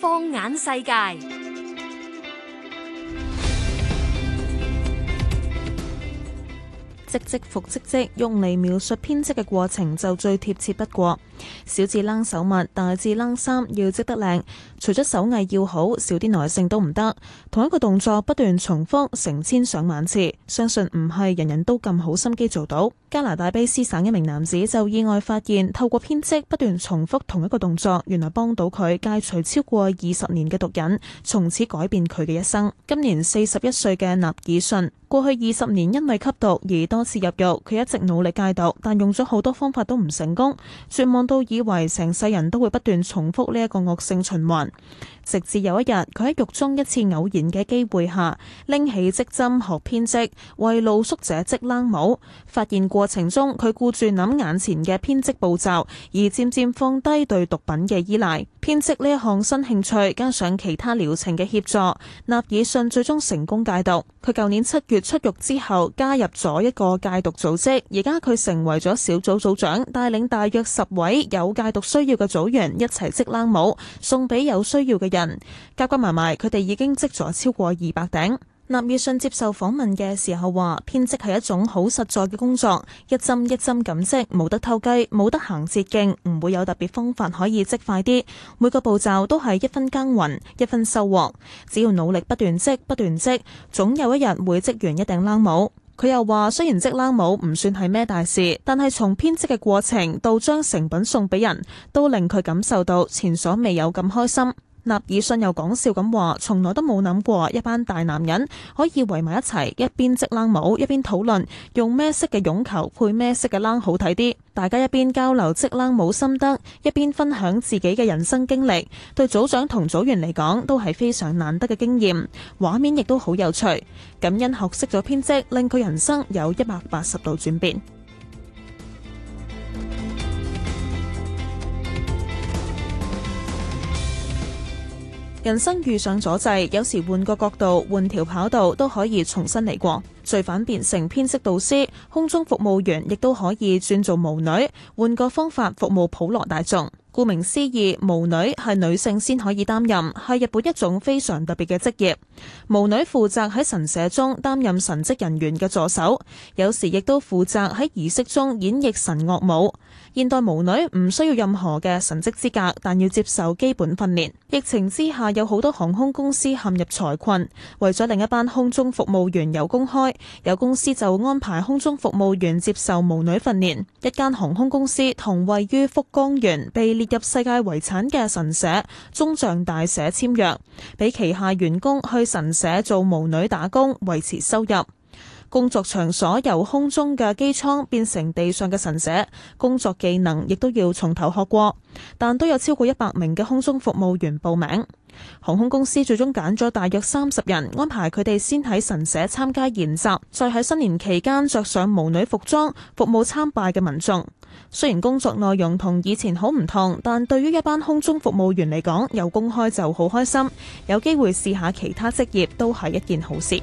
放眼世界。織織復織織，用嚟描述編織嘅過程就最貼切不過。小至掹手襪，大至掹衫，要織得靚，除咗手藝要好，少啲耐性都唔得。同一個動作不斷重複成千上萬次，相信唔係人人都咁好心機做到。加拿大卑斯省一名男子就意外發現，透過編織不斷重複同一個動作，原來幫到佢戒除超過二十年嘅毒癮，從此改變佢嘅一生。今年四十一歲嘅納爾遜，過去二十年因為吸毒而當。次入獄，佢一直努力戒毒，但用咗好多方法都唔成功，絕望到以為成世人都會不斷重複呢一個惡性循環。直至有一日，佢喺獄中一次偶然嘅機會下，拎起織針學編織，為露宿者織冷帽。發現過程中，佢顧住諗眼前嘅編織步驟，而漸漸放低對毒品嘅依賴。編織呢一項新興趣，加上其他療程嘅協助，納爾遜最終成功戒毒。佢舊年七月出獄之後，加入咗一個。個戒毒組織，而家佢成為咗小組組長，帶領大約十位有戒毒需要嘅組員一齊織冷帽，送俾有需要嘅人。夾夾埋埋，佢哋已經織咗超過二百頂。納月信接受訪問嘅時候話，編織係一種好實在嘅工作，一針一針咁織，冇得偷雞，冇得行捷徑，唔會有特別方法可以織快啲。每個步驟都係一分耕耘一分收穫，只要努力不斷織，不斷織，總有一日會織完一頂冷帽。佢又話：雖然織冷帽唔算係咩大事，但係從編織嘅過程到將成品送俾人都令佢感受到前所未有咁開心。納爾遜又講笑咁話：從來都冇諗過一班大男人可以圍埋一齊，一邊織冷帽，一邊討論用咩色嘅絨球配咩色嘅冷好睇啲。大家一邊交流織冷帽心得，一邊分享自己嘅人生經歷，對組長同組員嚟講都係非常難得嘅經驗。畫面亦都好有趣。感恩學識咗編織，令佢人生有一百八十度轉變。人生遇上阻滯，有時換個角度、換條跑道，都可以重新嚟過。罪犯變成編織導師，空中服務員亦都可以轉做巫女，換個方法服務普羅大眾。顧名思義，巫女係女性先可以擔任，係日本一種非常特別嘅職業。巫女負責喺神社中擔任神職人員嘅助手，有時亦都負責喺儀式中演繹神樂舞。現代巫女唔需要任何嘅神職資格，但要接受基本訓練。疫情之下，有好多航空公司陷入財困，為咗另一班空中服務員有工開。有公司就安排空中服務員接受巫女訓練，一間航空公司同位於福岡縣被列入世界遺產嘅神社宗像大社簽約，俾旗下員工去神社做巫女打工維持收入。工作場所由空中嘅機艙變成地上嘅神社，工作技能亦都要從頭學過，但都有超過一百名嘅空中服務員報名。航空公司最終揀咗大約三十人，安排佢哋先喺神社參加研習，再喺新年期間着上巫女服裝服務參拜嘅民眾。雖然工作內容同以前好唔同，但對於一班空中服務員嚟講，有工開就好開心，有機會試下其他職業都係一件好事。